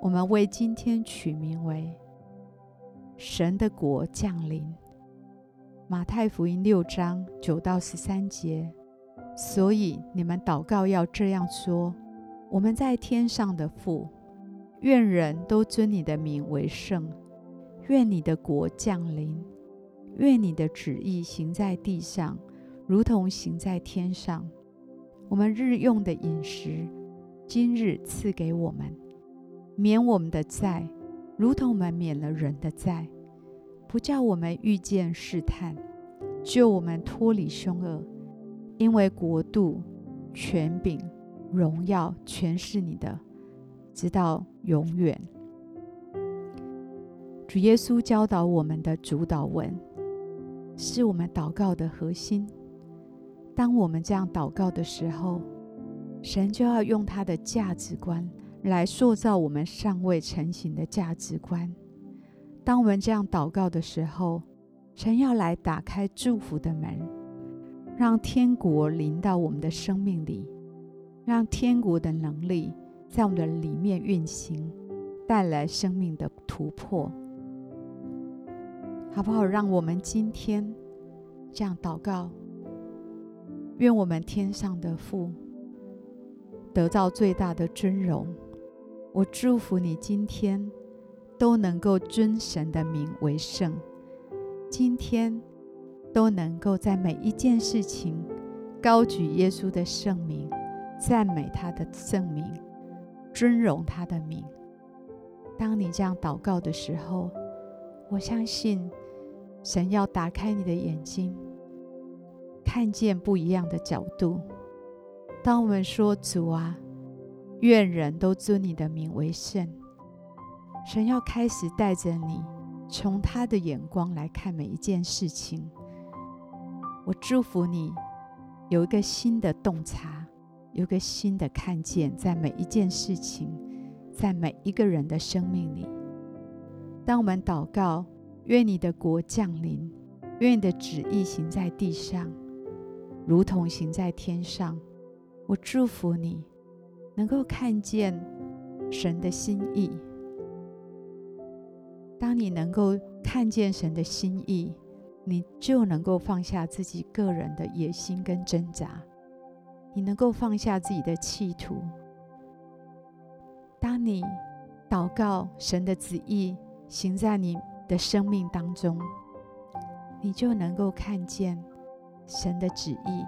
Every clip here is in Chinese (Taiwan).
我們為今天取名為“神的國降臨”。馬太福音六章九到十三節，所以你們禱告要這樣說：“我們在天上的父，願人都尊你的名為聖。願你的國降臨。願你的旨意行在地上，如同行在天上。我們日用的飲食，今日賜給我們。”免我們的債，如同我們免了人的債，不叫我們遇見試探，救我們脫離凶惡。因為國度、權柄、榮耀，全是你的，直到永遠。主耶穌教導我們的主禱文，是我們禱告的核心。當我們這樣禱告的時候，神就要用他的價值觀。來塑造我們尚未成型的價值觀。當我們這樣禱告的時候，神要來打開祝福的門，讓天國臨到我們的生命裡，讓天國的能力在我們的裡面運行，帶來生命的突破，好不好？讓我們今天這樣禱告：願我們天上的父得到最大的尊榮。我祝福你今天都能夠尊神的名為聖，今天都能夠在每一件事情高舉耶穌的聖名，讚美他的聖名，尊榮他的名。當你這樣禱告的時候，我相信神要打開你的眼睛，看見不一樣的角度。當我們說“主啊”。願人都尊你的名為聖。神要開始帶着你，從他的眼光來看每一件事情。我祝福你有一個新的洞察，有個新的看見，在每一件事情，在每一個人的生命裡。當我們禱告，願你的國降臨，願你的旨意行在地上，如同行在天上。我祝福你，能夠看見神的心意。當你能夠看見神的心意，你就能夠放下自己個人的野心跟掙扎，你能夠放下自己的企圖。當你禱告神的旨意行在你的生命當中，你就能夠看見神的旨意。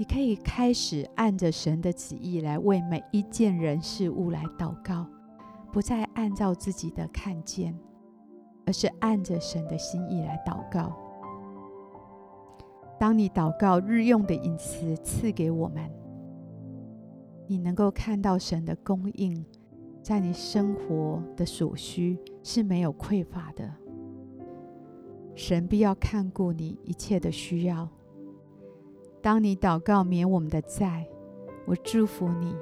你可以開始按着神的旨意來為每一件人事物來禱告，不再按照自己的看見，而是按着神的心意來禱告。當你禱告日用的飲食賜給我們，你能夠看到神的供應，在你生活的所需是沒有匱乏的。神必要看顧你一切的需要。當你禱告免我們的債，我祝福你。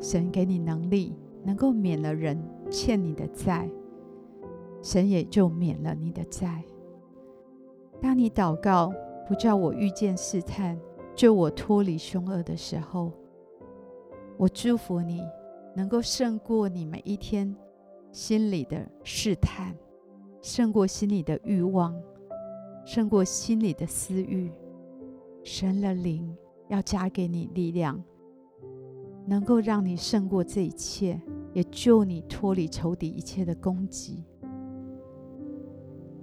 神給你能力，能夠免了人欠你的債，神也就免了你的債。當你禱告不叫我遇見試探，救我脫離凶惡的時候，我祝福你，能夠勝過你每一天心裡的試探，勝過心裡的慾望，勝過心裡的私欲。神的靈要加給你力量，能夠讓你勝過這一切，也救你脫離仇敵一切的攻擊。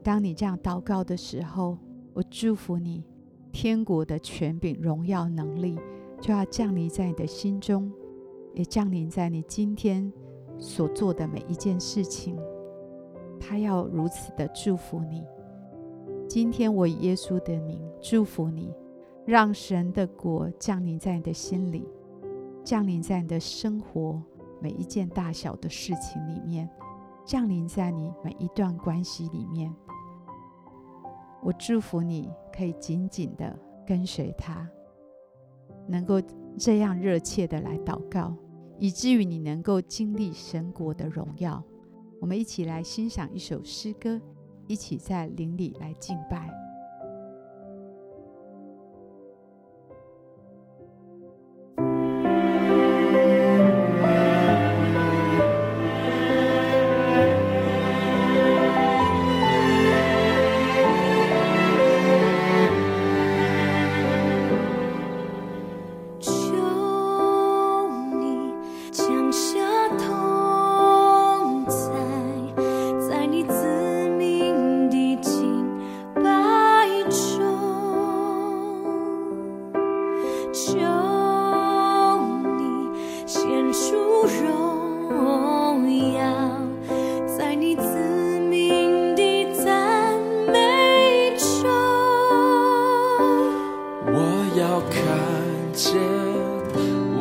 當你這樣禱告的時候，我祝福你，天國的權柄、榮耀、能力就要降臨在你的心中，也降臨在你今天所做的每一件事情。他要如此的祝福你。今天我以耶穌的名祝福你。讓神的國降臨在你的心裡，降臨在你的生活每一件大小的事情裡面，降臨在你每一段關係裡面。我祝福你可以緊緊的跟隨他，能夠這樣熱切的來禱告，以至於你能夠經歷神國的榮耀。我們一起來欣賞一首詩歌，一起在靈裡來敬拜。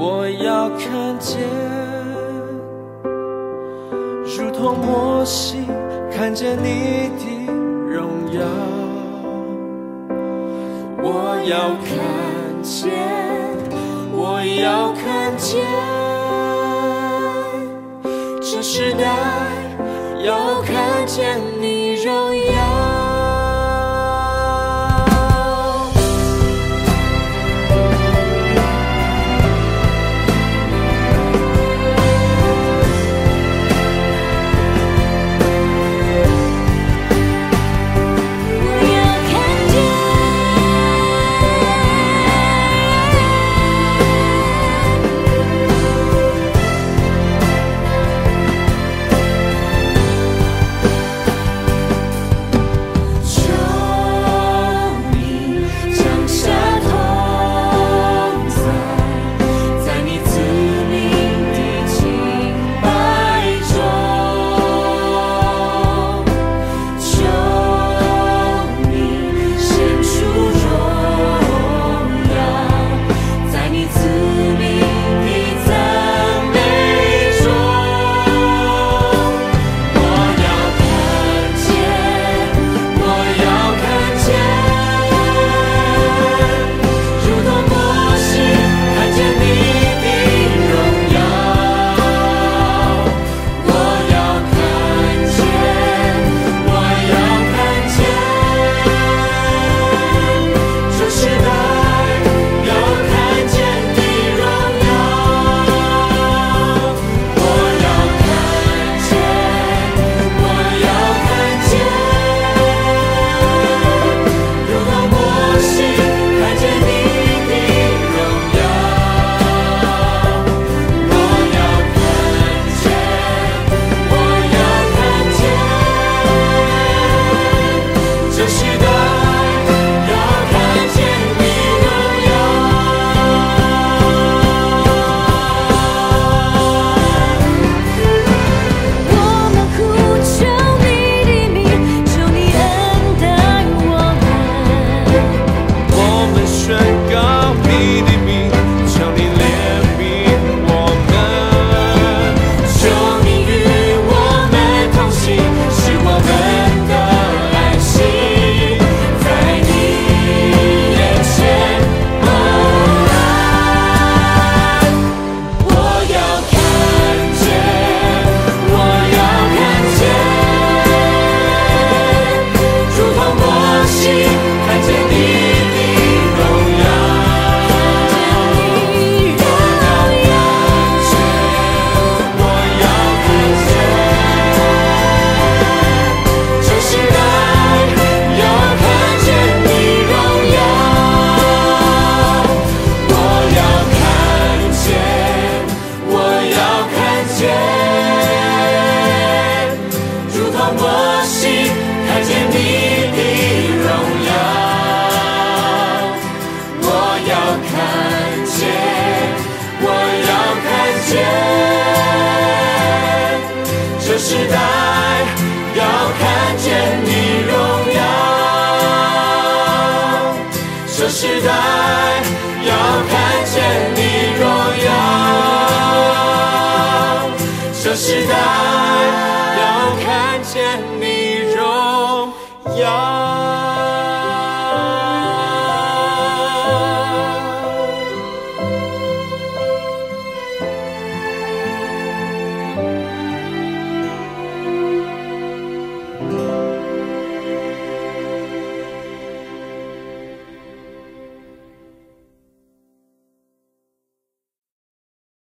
我要看見，如同摩西看見你的榮耀。我要看見，我要看見，這時代要看見你。